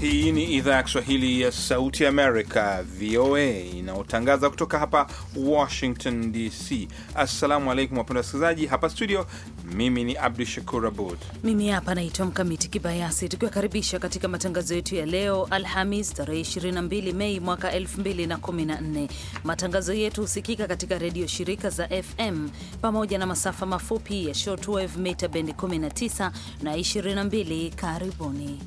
Hii ni idhaa ya Kiswahili ya Sauti Amerika, VOA, inayotangaza kutoka hapa Washington DC. Assalamu alaikum wapenda wasikilizaji, hapa studio. Mimi ni Abdu Shakur Abud, mimi hapa naitwa Mkamiti Kibayasi, tukiwakaribisha katika matangazo yetu ya leo Alhamis tarehe 22 Mei mwaka 2014. Matangazo yetu husikika katika redio shirika za FM pamoja na masafa mafupi ya shortwave mita bendi 19 na 22. Karibuni.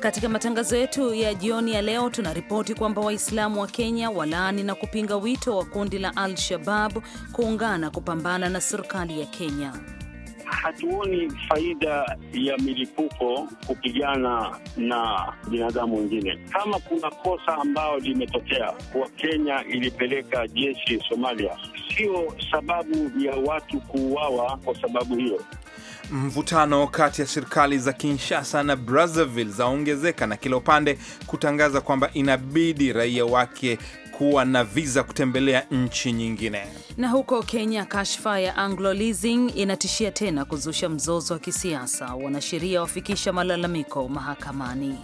Katika matangazo yetu ya jioni ya leo tunaripoti kwamba Waislamu wa Kenya walaani na kupinga wito wa kundi la Al-Shabab kuungana kupambana na serikali ya Kenya. Hatuoni faida ya milipuko kupigana na binadamu wengine. Kama kuna kosa ambayo limetokea kuwa Kenya ilipeleka jeshi Somalia, sio sababu ya watu kuuawa kwa sababu hiyo. Mvutano kati ya serikali za Kinshasa na Brazzaville zaongezeka na kila upande kutangaza kwamba inabidi raia wake kuwa na viza kutembelea nchi nyingine. Na huko Kenya, kashfa ya Anglo Leasing inatishia tena kuzusha mzozo wa kisiasa. Wanasheria wafikisha malalamiko mahakamani.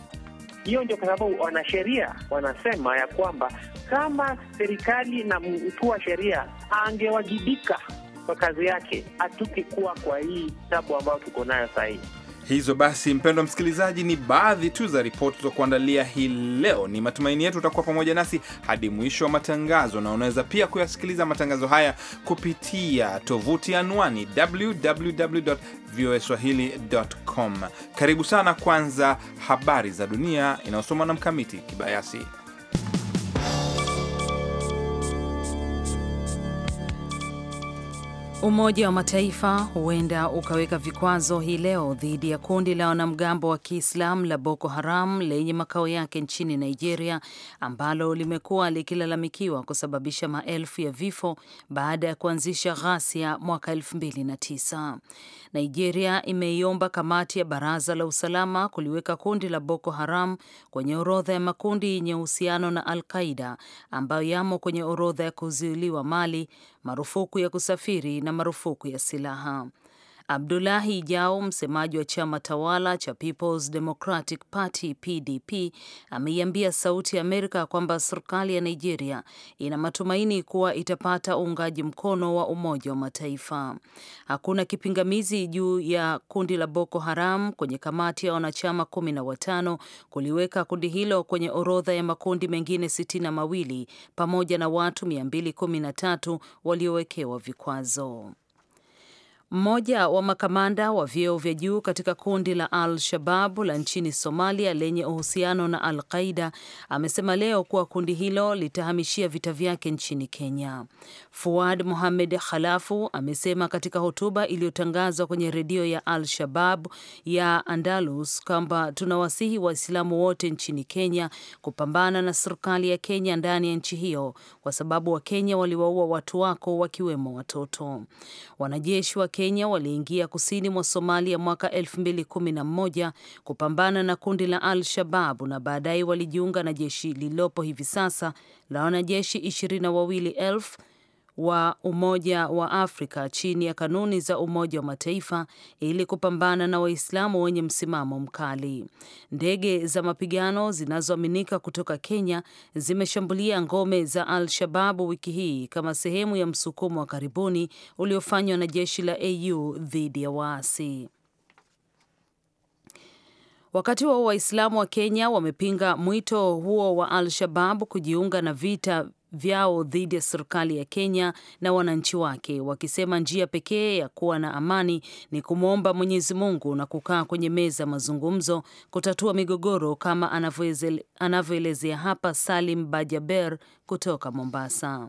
Hiyo ndio kwa sababu wanasheria wanasema ya kwamba kama serikali na mkuu wa sheria angewajibika kwa kazi yake, hatukikuwa kwa hii tabu ambayo tuko nayo saa hii. Hizo basi, mpendwa msikilizaji, ni baadhi tu za ripoti za kuandalia hii leo. Ni matumaini yetu utakuwa pamoja nasi hadi mwisho wa matangazo, na unaweza pia kuyasikiliza matangazo haya kupitia tovuti anwani www.voaswahili.com. Karibu sana. Kwanza habari za dunia inayosomwa na Mkamiti Kibayasi. Umoja wa Mataifa huenda ukaweka vikwazo hii leo dhidi ya kundi la wanamgambo wa Kiislamu la Boko Haram lenye makao yake nchini Nigeria, ambalo limekuwa likilalamikiwa kusababisha maelfu ya vifo baada ya kuanzisha ghasia mwaka 2009. Nigeria imeiomba kamati ya Baraza la Usalama kuliweka kundi la Boko Haram kwenye orodha ya makundi yenye uhusiano na Al Qaida ambayo yamo kwenye orodha ya kuzuiliwa mali marufuku ya kusafiri na marufuku ya silaha. Abdulahi Jao, msemaji wa chama tawala cha Peoples Democratic Party PDP, ameiambia Sauti ya Amerika kwamba serikali ya Nigeria ina matumaini kuwa itapata uungaji mkono wa Umoja wa Mataifa. Hakuna kipingamizi juu ya kundi la Boko Haram kwenye kamati ya wanachama kumi na watano kuliweka kundi hilo kwenye orodha ya makundi mengine sitini na mawili pamoja na watu tatu waliowekewa vikwazo. Mmoja wa makamanda wa vyeo vya juu katika kundi la al shabab la nchini Somalia lenye uhusiano na Al-Qaida amesema leo kuwa kundi hilo litahamishia vita vyake nchini Kenya. Fuad Mohamed Khalafu amesema katika hotuba iliyotangazwa kwenye redio ya Al-Shabab ya Andalus kwamba tunawasihi Waislamu wote nchini Kenya kupambana na serikali ya Kenya ndani ya nchi hiyo kwa sababu Wakenya waliwaua watu wako wakiwemo watoto. Wanajeshi wa Kenya Kenya waliingia kusini mwa Somalia mwaka 2011 kupambana na kundi la Al Shababu na baadaye walijiunga na jeshi lililopo hivi sasa la wanajeshi elfu ishirini na wawili wa Umoja wa Afrika chini ya kanuni za Umoja wa Mataifa ili kupambana na Waislamu wenye msimamo mkali. Ndege za mapigano zinazoaminika kutoka Kenya zimeshambulia ngome za Al-Shababu wiki hii kama sehemu ya msukumo wa karibuni uliofanywa na jeshi la AU dhidi ya waasi. Wakati huo Waislamu wa Kenya wamepinga mwito huo wa Al-Shabab kujiunga na vita vyao dhidi ya serikali ya Kenya na wananchi wake, wakisema njia pekee ya kuwa na amani ni kumwomba Mwenyezi Mungu na kukaa kwenye meza ya mazungumzo kutatua migogoro, kama anavyoelezea hapa Salim Bajaber kutoka Mombasa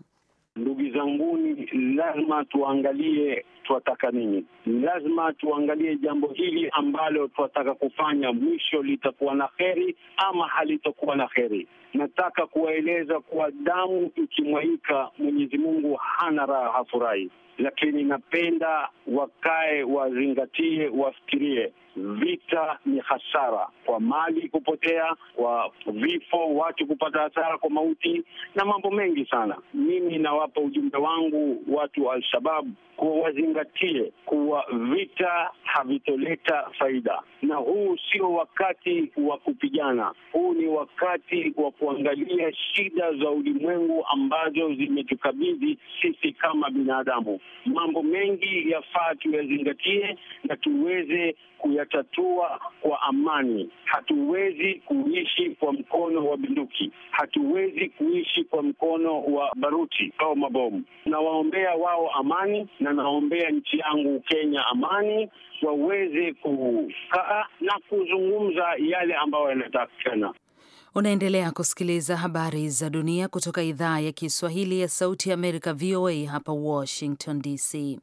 languni, lazima tuangalie twataka nini, lazima tuangalie jambo hili ambalo twataka kufanya, mwisho litakuwa na kheri ama halitakuwa na kheri. Nataka kuwaeleza kuwa damu ikimwaika Mwenyezi Mungu hana raha, hafurahi, lakini napenda wakae, wazingatie, wafikirie vita ni hasara kwa mali kupotea, kwa vifo, watu kupata hasara kwa mauti na mambo mengi sana. Mimi nawapa ujumbe wangu watu wa Alshabab kuwa wazingatie kuwa vita havitoleta faida, na huu sio wakati wa kupigana. Huu ni wakati wa kuangalia shida za ulimwengu ambazo zimetukabidhi sisi kama binadamu. Mambo mengi yafaa tuyazingatie na tuweze kuya kuyatatua kwa amani. Hatuwezi kuishi kwa mkono wa bunduki, hatuwezi kuishi kwa mkono wa baruti au mabomu. Nawaombea wao amani, na naombea nchi yangu Kenya amani, waweze kukaa na kuzungumza yale ambayo yanatakikana. Unaendelea kusikiliza habari za dunia kutoka idhaa ya Kiswahili ya Sauti ya Amerika, VOA hapa Washington DC.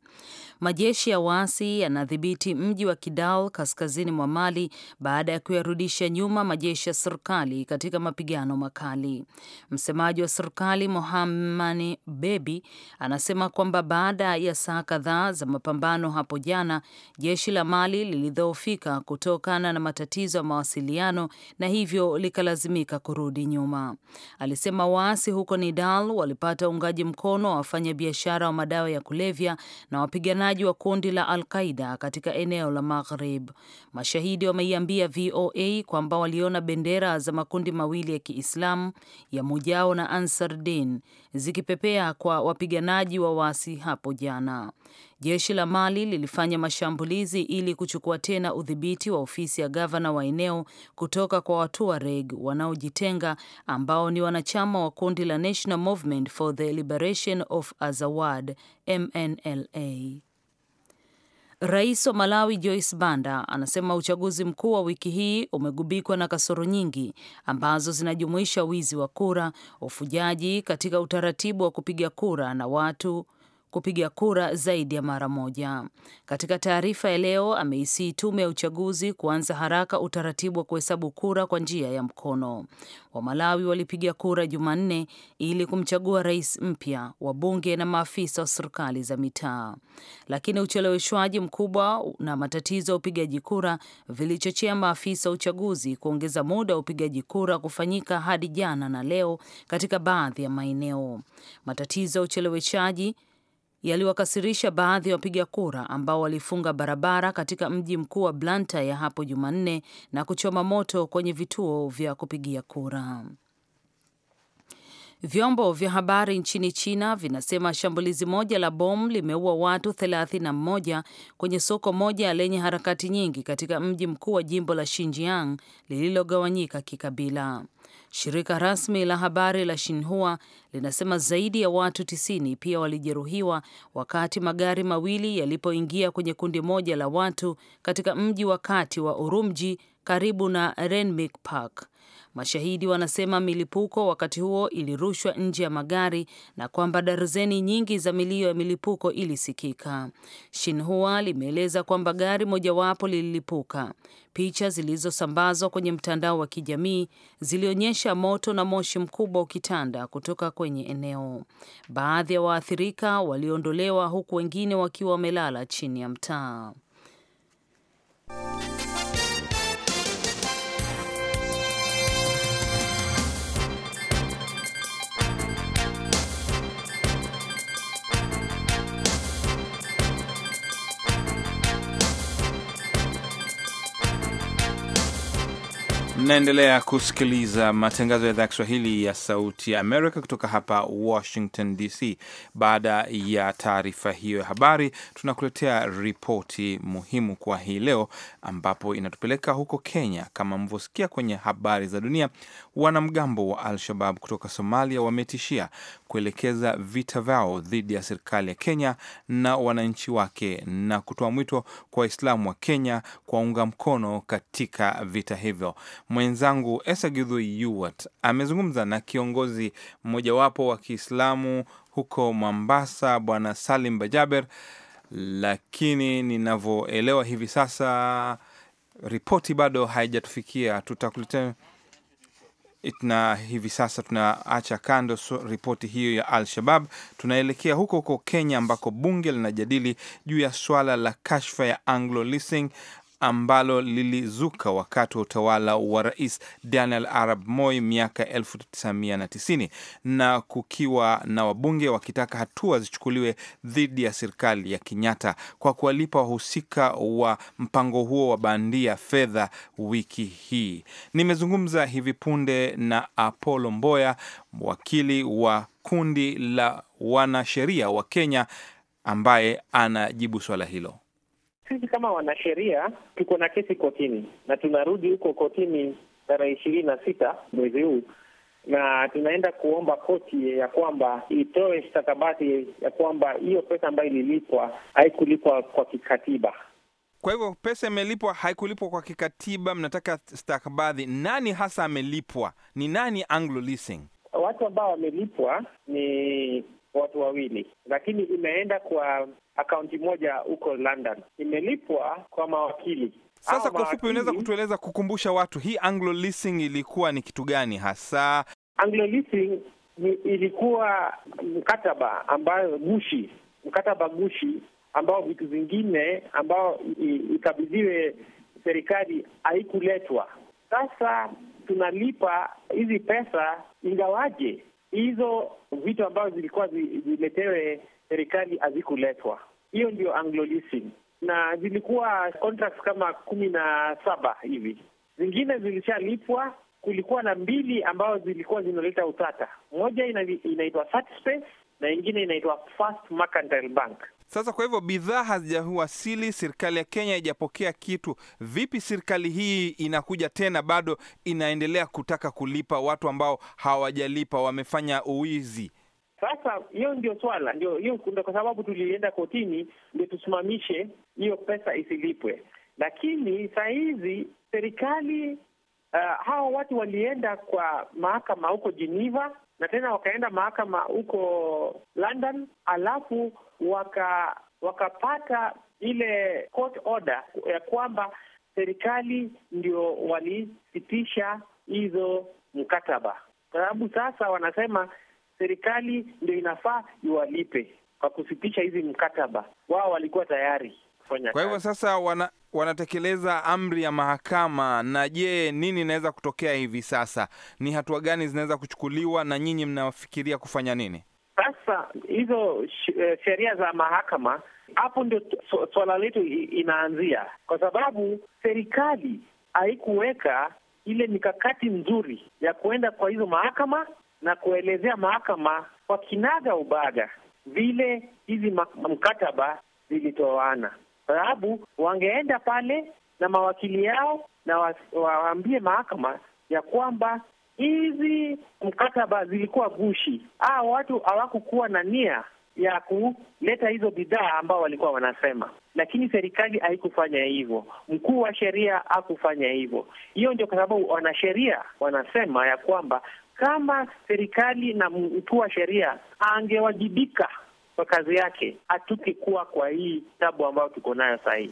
Majeshi ya waasi yanadhibiti mji wa Kidal kaskazini mwa Mali baada ya kuyarudisha nyuma majeshi ya serikali katika mapigano makali. Msemaji wa serikali Mohamani Bebi anasema kwamba baada ya saa kadhaa za mapambano hapo jana, jeshi la Mali lilidhoofika kutokana na matatizo ya mawasiliano na hivyo likalazimika kurudi nyuma. Alisema waasi huko Nidal walipata uungaji mkono wa wafanyabiashara wa madawa ya kulevya na wapiganaji wapiganaji wa kundi la Al-Qaida katika eneo la Maghrib. Mashahidi wameiambia VOA kwamba waliona bendera za makundi mawili ya Kiislamu ya Mujao na Ansar Din zikipepea kwa wapiganaji wa wasi hapo jana. Jeshi la Mali lilifanya mashambulizi ili kuchukua tena udhibiti wa ofisi ya gavana wa eneo kutoka kwa Watuareg wanaojitenga ambao ni wanachama wa kundi la National Movement for the Liberation of Azawad, MNLA. Rais wa Malawi Joyce Banda anasema uchaguzi mkuu wa wiki hii umegubikwa na kasoro nyingi ambazo zinajumuisha wizi wa kura, ufujaji katika utaratibu wa kupiga kura na watu kupiga kura zaidi ya mara moja. Katika taarifa ya leo, ameisii tume ya uchaguzi kuanza haraka utaratibu wa kuhesabu kura kwa njia ya mkono. Wamalawi walipiga kura Jumanne ili kumchagua rais mpya, wabunge na maafisa wa serikali za mitaa, lakini ucheleweshwaji mkubwa na matatizo ya upigaji kura vilichochea maafisa wa uchaguzi kuongeza muda wa upigaji kura kufanyika hadi jana na leo katika baadhi ya maeneo. Matatizo ya ucheleweshaji yaliwakasirisha baadhi ya wapiga kura ambao walifunga barabara katika mji mkuu wa Blanta ya hapo Jumanne na kuchoma moto kwenye vituo vya kupigia kura. Vyombo vya habari nchini China vinasema shambulizi moja la bomu limeua watu 31 kwenye soko moja lenye harakati nyingi katika mji mkuu wa jimbo la Xinjiang lililogawanyika kikabila. Shirika rasmi la habari la Shinhua linasema zaidi ya watu tisini pia walijeruhiwa wakati magari mawili yalipoingia kwenye kundi moja la watu katika mji wa kati wa Urumji karibu na Renmin Park. Mashahidi wanasema milipuko wakati huo ilirushwa nje ya magari na kwamba darzeni nyingi za milio ya milipuko ilisikika. Shinhua limeeleza kwamba gari mojawapo lililipuka. Picha zilizosambazwa kwenye mtandao wa kijamii zilionyesha moto na moshi mkubwa ukitanda kutoka kwenye eneo. Baadhi ya waathirika waliondolewa huku wengine wakiwa wamelala chini ya mtaa. naendelea kusikiliza matangazo ya idhaa ya Kiswahili ya Sauti ya Amerika kutoka hapa Washington DC. Baada ya taarifa hiyo ya habari, tunakuletea ripoti muhimu kwa hii leo, ambapo inatupeleka huko Kenya. Kama mlivyosikia kwenye habari za dunia, wanamgambo wa Al-Shabab kutoka Somalia wametishia kuelekeza vita vyao dhidi ya serikali ya Kenya na wananchi wake na kutoa mwito kwa Waislamu wa Kenya kuwaunga mkono katika vita hivyo. Mwenzangu Esagidhui Yuwat amezungumza na kiongozi mmojawapo wa Kiislamu huko Mombasa, Bwana Salim Bajaber, lakini ninavyoelewa hivi sasa ripoti bado haijatufikia. Tutakuletea na hivi sasa tunaacha kando so, ripoti hiyo ya Al-Shabab. Tunaelekea huko huko Kenya ambako bunge linajadili juu ya swala la kashfa ya Anglo Leasing ambalo lilizuka wakati wa utawala wa Rais Daniel Arab Moi miaka 1990 na kukiwa na wabunge wakitaka hatua zichukuliwe dhidi ya serikali ya Kenyatta kwa kuwalipa wahusika wa mpango huo wa bandia fedha. Wiki hii nimezungumza hivi punde na Apollo Mboya, wakili wa kundi la wanasheria wa Kenya ambaye anajibu swala hilo sisi kama wanasheria tuko na kesi kotini na tunarudi huko kotini tarehe ishirini na sita mwezi huu na tunaenda kuomba koti ya kwamba itoe stakabadhi ya kwamba hiyo pesa ambayo ililipwa haikulipwa kwa kikatiba. Kwa hivyo pesa imelipwa, haikulipwa kwa kikatiba, mnataka stakabadhi. Nani hasa amelipwa? Ni nani Anglo Leasing? Watu ambao wamelipwa ni watu wawili, lakini imeenda kwa akaunti moja huko London, imelipwa kwa mawakili. Sasa kwa fupi, unaweza kutueleza, kukumbusha watu, hii Anglo Leasing ilikuwa ni kitu gani hasa? Anglo Leasing ilikuwa mkataba ambayo gushi, mkataba gushi ambao vitu vingine ambao ikabidhiwe serikali haikuletwa. Sasa tunalipa hizi pesa ingawaje hizo vitu ambavyo zilikuwa ziletewe serikali hazikuletwa. Hiyo ndio Anglo Leasing, na zilikuwa contracts kama kumi na saba hivi, zingine zilishalipwa. Kulikuwa na mbili ambazo zilikuwa zinaleta utata, moja inaitwa Satispace na ingine inaitwa First Mercantile Bank. Sasa kwa hivyo bidhaa hazijawasili, serikali ya Kenya haijapokea kitu. Vipi serikali hii inakuja tena, bado inaendelea kutaka kulipa watu ambao hawajalipa, wamefanya uwizi? Sasa hiyo ndio swala, ndio hiyo, ndio kwa sababu tulienda kotini ndio tusimamishe hiyo pesa isilipwe. Lakini saa hizi serikali uh, hawa watu walienda kwa mahakama huko Geneva na tena wakaenda mahakama huko London, alafu waka wakapata ile court order ya kwamba serikali ndio walisitisha hizo mkataba, kwa sababu sasa wanasema serikali ndio inafaa iwalipe kwa kusitisha hizi mkataba. Wao walikuwa tayari kufanya. Kwa hivyo sasa wana wanatekeleza amri ya mahakama. Na je, nini inaweza kutokea hivi sasa? Ni hatua gani zinaweza kuchukuliwa, na nyinyi mnafikiria kufanya nini sasa? Hizo eh, sheria za mahakama, hapo ndio swala letu inaanzia, kwa sababu serikali haikuweka ile mikakati nzuri ya kuenda kwa hizo mahakama na kuelezea mahakama kwa kinaga ubaga vile hizi mkataba zilitoana, sababu wangeenda pale na mawakili yao na wa, waambie mahakama ya kwamba hizi mkataba zilikuwa gushi, aa, watu hawakukuwa na nia ya kuleta hizo bidhaa ambao walikuwa wanasema, lakini serikali haikufanya hivyo, mkuu wa sheria hakufanya hivyo. Hiyo ndio kwa sababu wanasheria wanasema ya kwamba kama serikali na mkuu wa sheria angewajibika kwa kazi yake, hatungekuwa kwa hii tabu ambayo tuko nayo sahii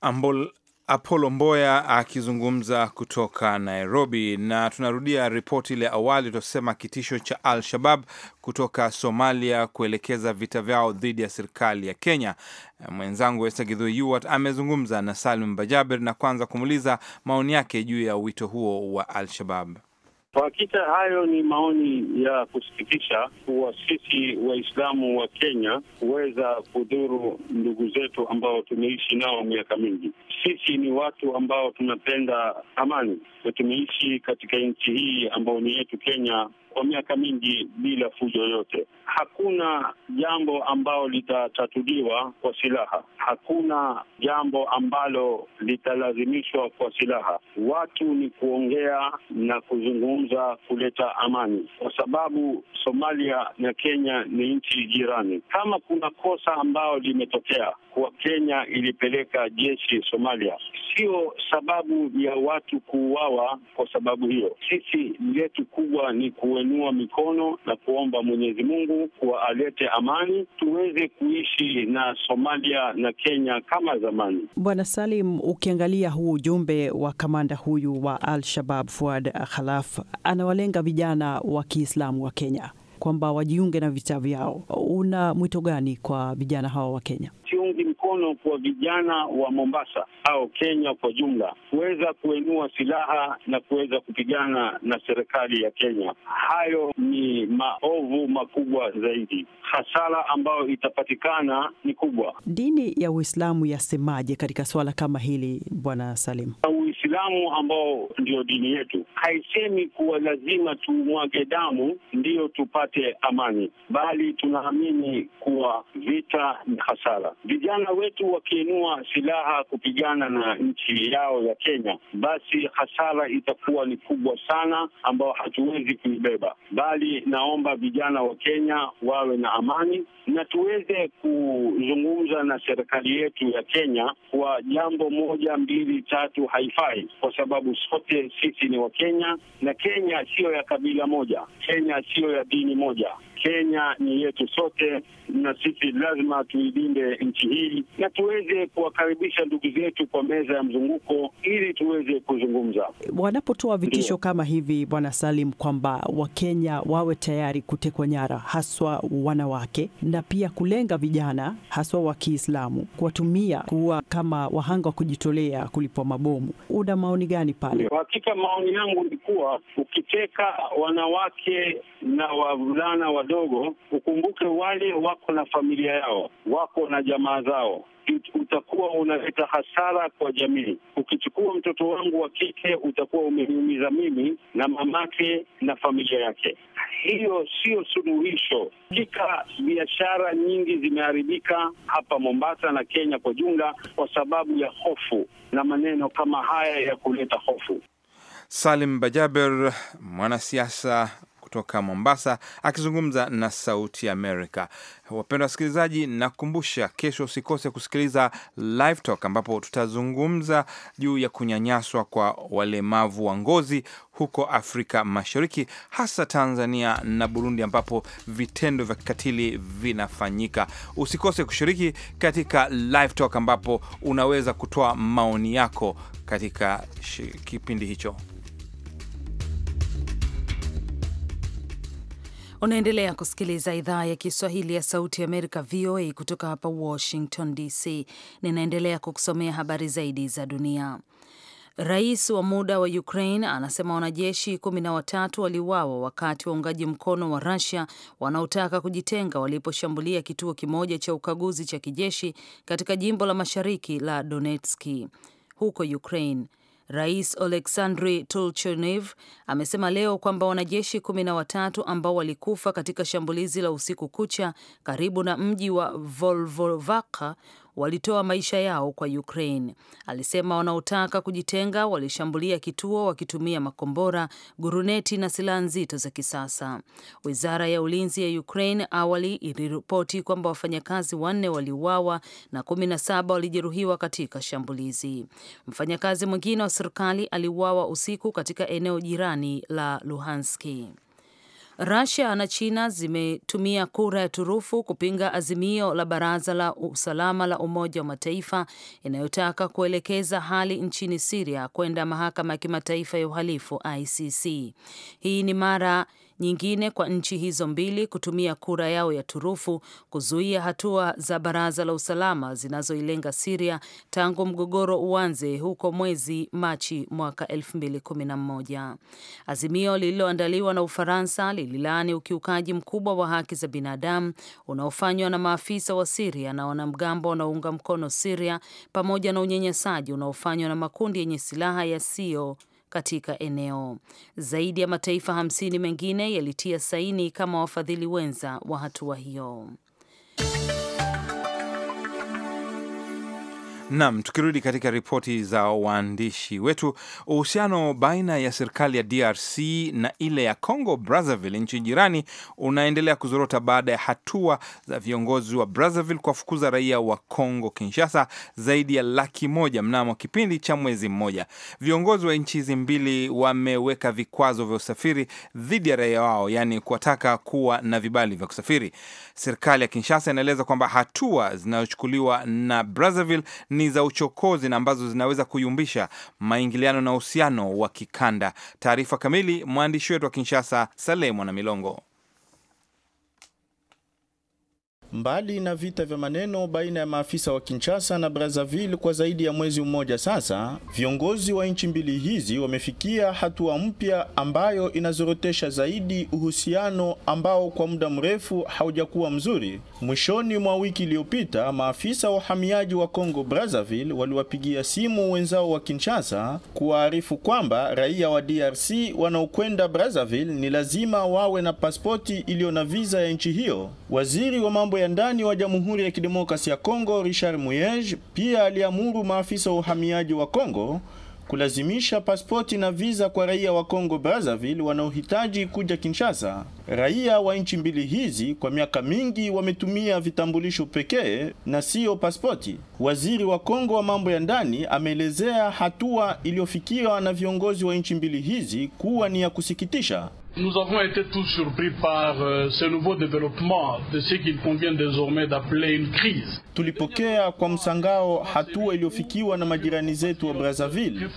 Ambol Apollo Mboya akizungumza kutoka Nairobi. Na tunarudia ripoti ile awali, tosema, kitisho cha Al Shabab kutoka Somalia kuelekeza vita vyao dhidi ya serikali ya Kenya. Mwenzangu Esther Githui amezungumza na Salim Bajaber na kwanza kumuuliza maoni yake juu ya wito huo wa Al Shabab. Kwa hakika hayo ni maoni ya kusikitisha kuwa sisi Waislamu wa Kenya huweza kudhuru ndugu zetu ambao tumeishi nao miaka mingi. Sisi ni watu ambao tunapenda amani na tumeishi katika nchi hii ambayo ni yetu Kenya kwa miaka mingi bila fujo yoyote. Hakuna jambo ambalo litatatuliwa kwa silaha, hakuna jambo ambalo litalazimishwa kwa silaha. Watu ni kuongea na kuzungumza, kuleta amani, kwa sababu Somalia na Kenya ni nchi jirani. Kama kuna kosa ambalo limetokea kwa Kenya ilipeleka jeshi Somalia, sio sababu ya watu kuuawa kwa sababu hiyo. Sisi letu kubwa ni kuwe kuinua mikono na kuomba Mwenyezi Mungu kuwa alete amani, tuweze kuishi na Somalia na Kenya kama zamani. Bwana Salim, ukiangalia huu ujumbe wa kamanda huyu wa Al-Shabab Fuad Khalaf, anawalenga vijana wa Kiislamu wa Kenya kwamba wajiunge na vita vyao, una mwito gani kwa vijana hawa wa Kenya? mkono kwa vijana wa Mombasa au Kenya kwa jumla kuweza kuinua silaha na kuweza kupigana na serikali ya Kenya. Hayo ni maovu makubwa zaidi, hasara ambayo itapatikana ni kubwa. Dini ya Uislamu yasemaje katika swala kama hili, Bwana Salim? Uislamu ambao ndio dini yetu haisemi kuwa lazima tumwage damu ndiyo tupate amani, bali tunaamini kuwa vita ni hasara. Vijana wetu wakiinua silaha kupigana na nchi yao ya Kenya, basi hasara itakuwa ni kubwa sana, ambayo hatuwezi kuibeba, bali naomba vijana wa Kenya wawe na amani na tuweze kuzungumza na serikali yetu ya Kenya kwa jambo moja, mbili, tatu. Haifai kwa sababu sote sisi ni Wakenya, na Kenya siyo ya kabila moja, Kenya siyo ya dini moja. Kenya ni yetu sote, na sisi lazima tuilinde nchi hii na tuweze kuwakaribisha ndugu zetu kwa meza ya mzunguko ili tuweze kuzungumza. Wanapotoa vitisho kama hivi, Bwana Salim, kwamba Wakenya wawe tayari kutekwa nyara, haswa wanawake na pia kulenga vijana haswa wa Kiislamu, kuwatumia kuwa kama wahanga wa kujitolea kulipwa mabomu, una maoni gani pale? hakika maoni yangu ni kuwa ukiteka wanawake na wavulana wa wadogo, ukumbuke wale wako na familia yao, wako na jamaa zao utakuwa unaleta hasara kwa jamii. Ukichukua mtoto wangu wa kike, utakuwa umeniumiza mimi na mamake na familia yake. Hiyo sio suluhisho. Hakika biashara nyingi zimeharibika hapa Mombasa na Kenya kwa jumla, kwa sababu ya hofu na maneno kama haya ya kuleta hofu. Salim Bajaber, mwanasiasa kutoka Mombasa akizungumza na Sauti Amerika. Wapendwa wasikilizaji, nakumbusha kesho usikose kusikiliza Live Talk ambapo tutazungumza juu ya kunyanyaswa kwa walemavu wa ngozi huko Afrika Mashariki, hasa Tanzania na Burundi ambapo vitendo vya kikatili vinafanyika. Usikose kushiriki katika Live Talk ambapo unaweza kutoa maoni yako katika kipindi hicho. Unaendelea kusikiliza idhaa ya Kiswahili ya Sauti ya Amerika, VOA, kutoka hapa Washington DC. Ninaendelea kukusomea habari zaidi za dunia. Rais wa muda wa Ukraine anasema wanajeshi kumi na watatu waliuawa wakati waungaji mkono wa Russia wanaotaka kujitenga waliposhambulia kituo kimoja cha ukaguzi cha kijeshi katika jimbo la mashariki la Donetski huko Ukraine. Rais Oleksandri tulchonev amesema leo kwamba wanajeshi kumi na watatu ambao walikufa katika shambulizi la usiku kucha karibu na mji wa Volvovaka walitoa maisha yao kwa Ukraine. Alisema wanaotaka kujitenga walishambulia kituo wakitumia makombora, guruneti na silaha nzito za kisasa. Wizara ya ulinzi ya Ukraine awali iliripoti kwamba wafanyakazi wanne waliuawa na kumi na saba walijeruhiwa katika shambulizi. Mfanyakazi mwingine wa serikali aliuawa usiku katika eneo jirani la Luhanski. Russia na China zimetumia kura ya turufu kupinga azimio la Baraza la Usalama la Umoja wa Mataifa inayotaka kuelekeza hali nchini Siria kwenda mahakama ya kimataifa ya uhalifu ICC. Hii ni mara nyingine kwa nchi hizo mbili kutumia kura yao ya turufu kuzuia hatua za Baraza la Usalama zinazoilenga Siria tangu mgogoro uanze huko mwezi Machi mwaka 2011. Azimio lililoandaliwa na Ufaransa lililaani ukiukaji mkubwa wa haki za binadamu unaofanywa na maafisa wa Siria na wanamgambo wanaounga mkono Siria pamoja na unyanyasaji unaofanywa na makundi yenye silaha yasiyo katika eneo. Zaidi ya mataifa hamsini mengine yalitia saini kama wafadhili wenza wa hatua hiyo. Nam, tukirudi katika ripoti za waandishi wetu, uhusiano baina ya serikali ya DRC na ile ya Congo Brazzaville, nchi jirani, unaendelea kuzorota baada ya hatua za viongozi wa Brazzaville kuwafukuza raia wa Congo Kinshasa zaidi ya laki moja mnamo kipindi cha mwezi mmoja. Viongozi wa nchi hizi mbili wameweka vikwazo vya usafiri dhidi ya raia wao, yaani kuwataka kuwa na vibali vya kusafiri. Serikali ya Kinshasa inaeleza kwamba hatua zinazochukuliwa na Brazzaville ni za uchokozi na ambazo zinaweza kuyumbisha maingiliano na uhusiano wa kikanda. Taarifa kamili mwandishi wetu wa Kinshasa, Saleh na Milongo. Mbali na vita vya maneno baina ya maafisa wa Kinshasa na Brazzaville kwa zaidi ya mwezi mmoja sasa, viongozi wa nchi mbili hizi wamefikia hatua mpya ambayo inazorotesha zaidi uhusiano ambao kwa muda mrefu haujakuwa mzuri. Mwishoni mwa wiki iliyopita, maafisa wa uhamiaji wa Kongo Brazzaville waliwapigia simu wenzao wa Kinshasa kuwaarifu kwamba raia wa DRC wanaokwenda Brazzaville ni lazima wawe na pasipoti iliyo na visa ya nchi hiyo. Waziri wa mambo ya ndani wa Jamhuri ya Kidemokrasia ya Kongo Richard Muyej pia aliamuru maafisa wa uhamiaji wa Kongo kulazimisha pasipoti na visa kwa raia wa Kongo Brazzaville wanaohitaji kuja Kinshasa. Raia wa nchi mbili hizi kwa miaka mingi wametumia vitambulisho pekee na siyo pasipoti. Waziri wa Kongo wa mambo ya ndani ameelezea hatua iliyofikiwa na viongozi wa nchi mbili hizi kuwa ni ya kusikitisha. Nous avons été tous surpris par euh, ce nouveau développement de ce qu'il convient désormais d'appeler une crise. Tulipokea kwa msangao hatua iliyofikiwa na majirani zetu wa Brazzaville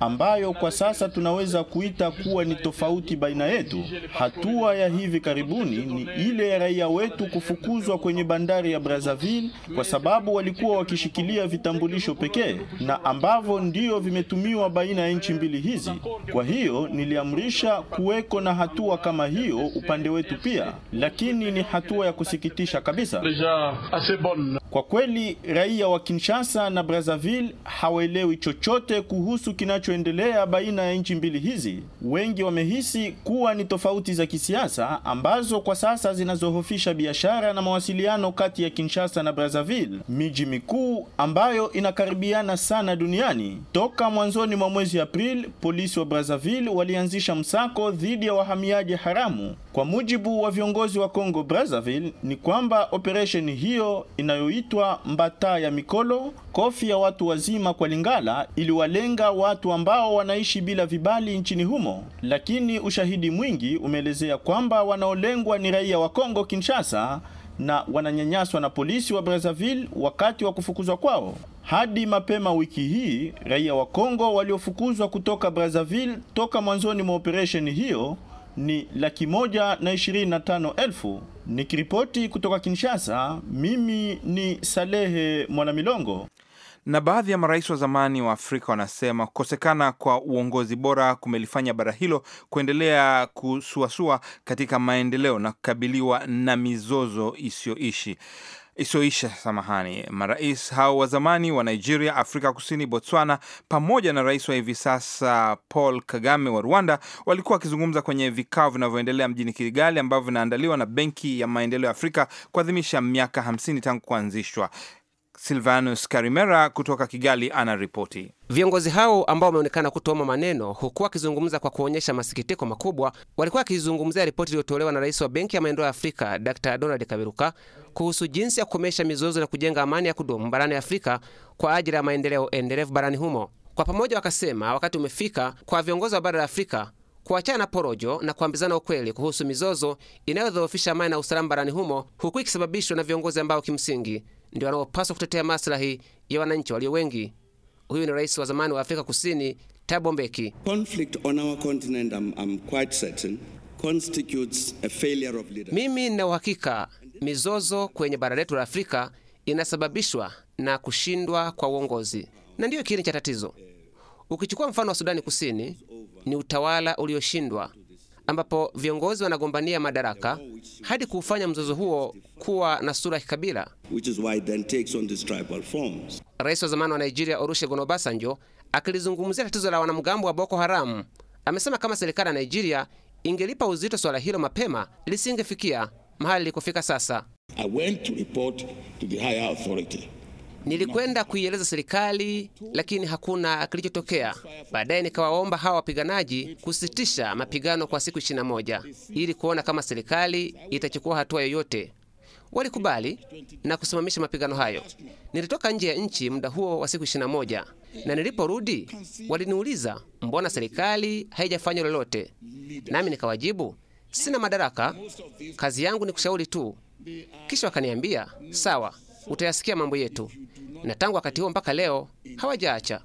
ambayo kwa sasa tunaweza kuita kuwa ni tofauti baina yetu. Hatua ya hivi karibuni ni ile ya raia wetu kufukuzwa kwenye bandari ya Brazzaville kwa sababu walikuwa wakishikilia vitambulisho pekee na ambavyo ndio vimetumiwa baina ya nchi mbili hizi. Kwa hiyo niliamrisha kuweko na hatua kama hiyo upande wetu pia, lakini ni hatua ya kusikitisha kabisa. Kwa kweli raia wa Kinshasa na Brazzaville hawaelewi chochote kuhusu kinachoendelea baina ya nchi mbili hizi. Wengi wamehisi kuwa ni tofauti za kisiasa ambazo kwa sasa zinazohofisha biashara na mawasiliano kati ya Kinshasa na Brazzaville, miji mikuu ambayo inakaribiana sana duniani. Toka mwanzoni mwa mwezi Aprili, polisi wa Brazzaville walianzisha msako dhidi ya wahamiaji haramu. Kwa mujibu wa viongozi wa Congo Brazzaville, ni kwamba operesheni hiyo inayoitwa Mbata ya Mikolo, kofi ya watu wazima kwa Lingala, iliwalenga watu ambao wanaishi bila vibali nchini humo, lakini ushahidi mwingi umeelezea kwamba wanaolengwa ni raia wa Congo Kinshasa na wananyanyaswa na polisi wa Brazzaville wakati wa kufukuzwa kwao. Hadi mapema wiki hii, raia wa Kongo waliofukuzwa kutoka Brazzaville toka mwanzoni mwa operesheni hiyo ni laki moja na ishirini na tano elfu. Nikiripoti kutoka Kinshasa, mimi ni Salehe Mwanamilongo. Na baadhi ya marais wa zamani wa Afrika wanasema kukosekana kwa uongozi bora kumelifanya bara hilo kuendelea kusuasua katika maendeleo na kukabiliwa na mizozo isiyoishi isiyoisha samahani. Marais hao wa zamani wa Nigeria, Afrika Kusini, Botswana pamoja na rais wa hivi sasa Paul Kagame wa Rwanda walikuwa wakizungumza kwenye vikao vinavyoendelea mjini Kigali ambavyo vinaandaliwa na Benki ya Maendeleo ya Afrika kuadhimisha miaka 50 tangu kuanzishwa. Silvanus Karimera kutoka Kigali anaripoti. Viongozi hao ambao wameonekana kutooma maneno huku wakizungumza kwa kuonyesha masikitiko makubwa, walikuwa wakizungumzia ripoti iliyotolewa na rais wa Benki ya Maendeleo ya Afrika Dr Donald Kaberuka kuhusu jinsi ya kukomesha mizozo na kujenga amani ya kudumu barani Afrika kwa ajili ya maendeleo endelevu barani humo. Kwa pamoja wakasema wakati umefika kwa viongozi wa bara la Afrika kuachana na porojo na kuambizana ukweli kuhusu mizozo inayodhoofisha amani na usalama barani humo, huku ikisababishwa na viongozi ambao kimsingi ndio wanaopaswa kutetea maslahi ya wananchi walio wengi. Huyu ni rais wa zamani wa Afrika Kusini, Thabo Mbeki. Mimi nina uhakika mizozo kwenye bara letu la Afrika inasababishwa na kushindwa kwa uongozi, na ndiyo kiini cha tatizo. Ukichukua mfano wa Sudani Kusini, ni utawala ulioshindwa ambapo viongozi wanagombania madaraka hadi kuufanya mzozo huo kuwa na sura ya kikabila. Rais wa zamani wa Nigeria Olusegun Obasanjo akilizungumzia tatizo la wanamgambo wa Boko Haramu amesema kama serikali ya Nigeria ingelipa uzito swala hilo mapema lisingefikia mahali likofika sasa. I went to report to the higher authority. Nilikwenda kuieleza serikali, lakini hakuna kilichotokea. Baadaye nikawaomba hawa wapiganaji kusitisha mapigano kwa siku 21 ili kuona kama serikali itachukua hatua yoyote. Walikubali na kusimamisha mapigano hayo. Nilitoka nje ya nchi muda huo wa siku 21, na niliporudi waliniuliza, mbona serikali haijafanya lolote? Nami nikawajibu, sina madaraka, kazi yangu ni kushauri tu. Kisha wakaniambia, sawa, utayasikia mambo yetu, na tangu wakati huo mpaka leo hawajaacha.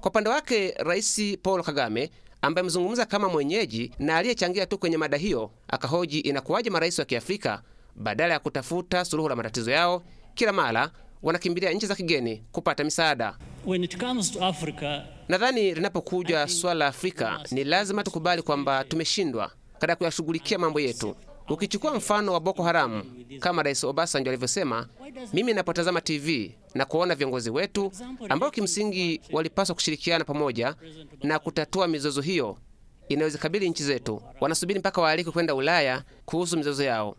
Kwa upande wake, Rais Paul Kagame ambaye amezungumza kama mwenyeji na aliyechangia tu kwenye mada hiyo, akahoji inakuwaje marais wa Kiafrika badala ya kutafuta suluhu la matatizo yao kila mara wanakimbilia nchi za kigeni kupata misaada. Nadhani linapokuja swala la Afrika ni lazima tukubali kwamba tumeshindwa katika kuyashughulikia mambo yetu. Ukichukua mfano wa Boko Haramu, kama Rais Obasanjo alivyosema, mimi napotazama TV na kuona viongozi wetu ambao kimsingi walipaswa kushirikiana pamoja na kutatua mizozo hiyo inayozikabili nchi zetu, wanasubiri mpaka waalikwe kwenda Ulaya kuhusu mizozo yao.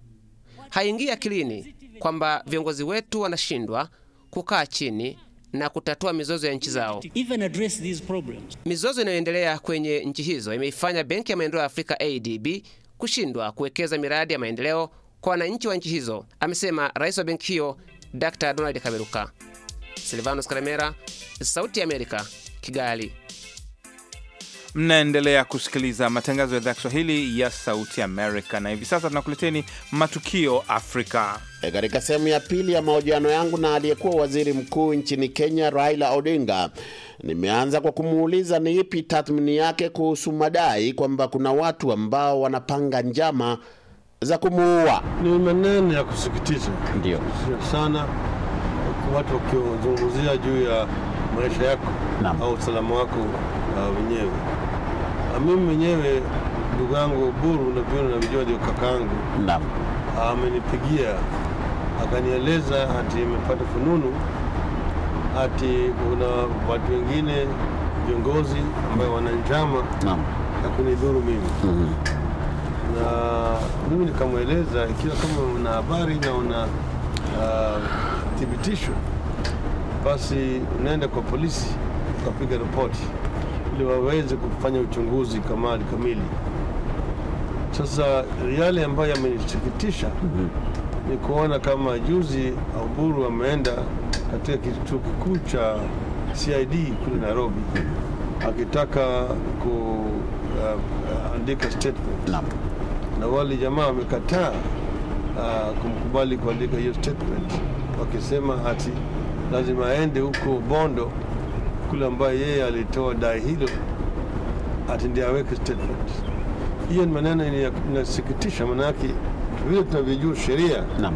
Haingii akilini kwamba viongozi wetu wanashindwa kukaa chini na kutatua mizozo ya nchi zao. Mizozo inayoendelea kwenye nchi hizo imeifanya Benki ya Maendeleo ya Afrika ADB kushindwa kuwekeza miradi ya maendeleo kwa wananchi wa nchi hizo, amesema rais wa benki hiyo Dr. Donald Kaberuka. Silvanos Karemera, Sauti ya Amerika, Kigali. Mnaendelea kusikiliza matangazo ya idhaa Kiswahili ya Sauti Amerika, na hivi sasa tunakuleteni matukio Afrika. E, katika sehemu ya pili ya mahojiano yangu na aliyekuwa waziri mkuu nchini Kenya Raila Odinga, nimeanza kwa kumuuliza ni ipi tathmini yake kuhusu madai kwamba kuna watu ambao wanapanga njama za kumuua. Ni maneno ya kusikitisha, ndio sana watu wakizungumzia juu ya maisha yako Naam. au usalama wako uh, wenyewe. Uh, mimi mwenyewe ndugu yangu Buru na navijua ndio kakaangu Naam. amenipigia akanieleza ati imepata fununu ati kuna watu wengine viongozi ambayo wana njama Naam. ya kunidhuru mimi mm -hmm. na mimi nikamweleza ikiwa kama una habari na una uh, thibitisho basi unaenda kwa polisi ukapiga ripoti ili waweze kufanya uchunguzi kamili kamili. Sasa yale ambayo yamenisikitisha mhm. ni kuona kama juzi auburu ameenda katika kituo kikuu cha CID kule Nairobi akitaka kuandika uh, statement na, na wale jamaa wamekataa uh, kumkubali kuandika hiyo statement wakisema hati lazima aende huko Bondo kule ambaye yeye alitoa dai hilo ati ndiye aweke statement hiyo. Ni maneno inasikitisha, manake vile tunavyojua sheria, naam,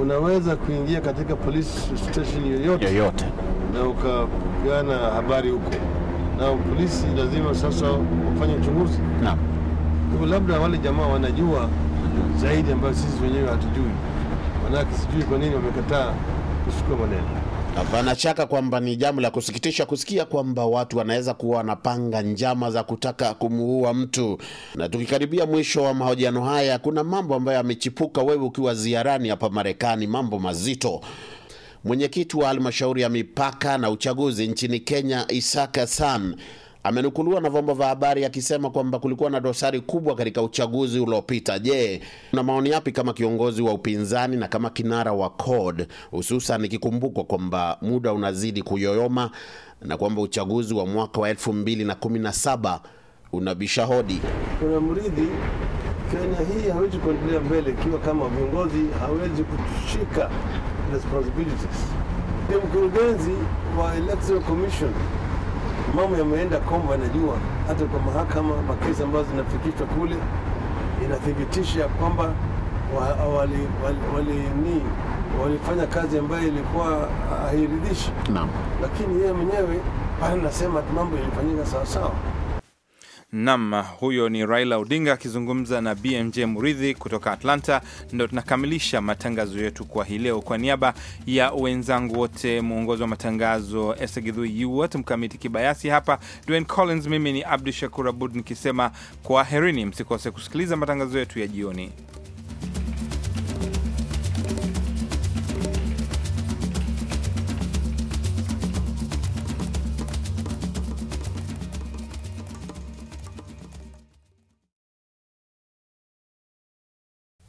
unaweza kuingia katika police station yoyote yoyote na ukapigana habari huko, na polisi lazima sasa wafanye uchunguzi. Naam, hivyo labda wale jamaa wanajua zaidi ambayo sisi wenyewe hatujui, manake sijui kwa nini wamekataa kuchukua maneno Hapana shaka kwamba ni jambo la kusikitisha kusikia kwamba watu wanaweza kuwa wanapanga njama za kutaka kumuua mtu. Na tukikaribia mwisho wa mahojiano haya, kuna mambo ambayo yamechipuka, wewe ukiwa ziarani hapa Marekani, mambo mazito. Mwenyekiti wa halmashauri ya mipaka na uchaguzi nchini Kenya, Isaka San amenukuliwa na vyombo vya habari akisema kwamba kulikuwa na dosari kubwa katika uchaguzi uliopita. Je, na maoni yapi kama kiongozi wa upinzani na kama kinara wa CORD, hususan ikikumbukwa kwamba muda unazidi kuyoyoma na kwamba uchaguzi wa mwaka wa 2017 unabisha hodi? Kuna mridhi Kenya hii hawezi kuendelea mbele ikiwa kama viongozi hawezi kutushika responsibilities. Mkurugenzi wa Electoral Commission mambo yameenda kombo, anajua hata kwa mahakama makesi ambazo zinafikishwa kule inathibitisha kwamba walifanya wali, wali, wali kazi ambayo ilikuwa hairidhishi, lakini yeye mwenyewe pale nasema mambo yalifanyika sawasawa. Nam, huyo ni Raila Odinga akizungumza na BMJ Muridhi kutoka Atlanta. Ndo tunakamilisha matangazo yetu kwa hii leo. Kwa niaba ya wenzangu wote, mwongozi wa matangazo Esegidhui Yuwat, Mkamiti Kibayasi hapa Dwayne Collins, mimi ni Abdu Shakur Abud nikisema kwaherini, msikose kusikiliza matangazo yetu ya jioni.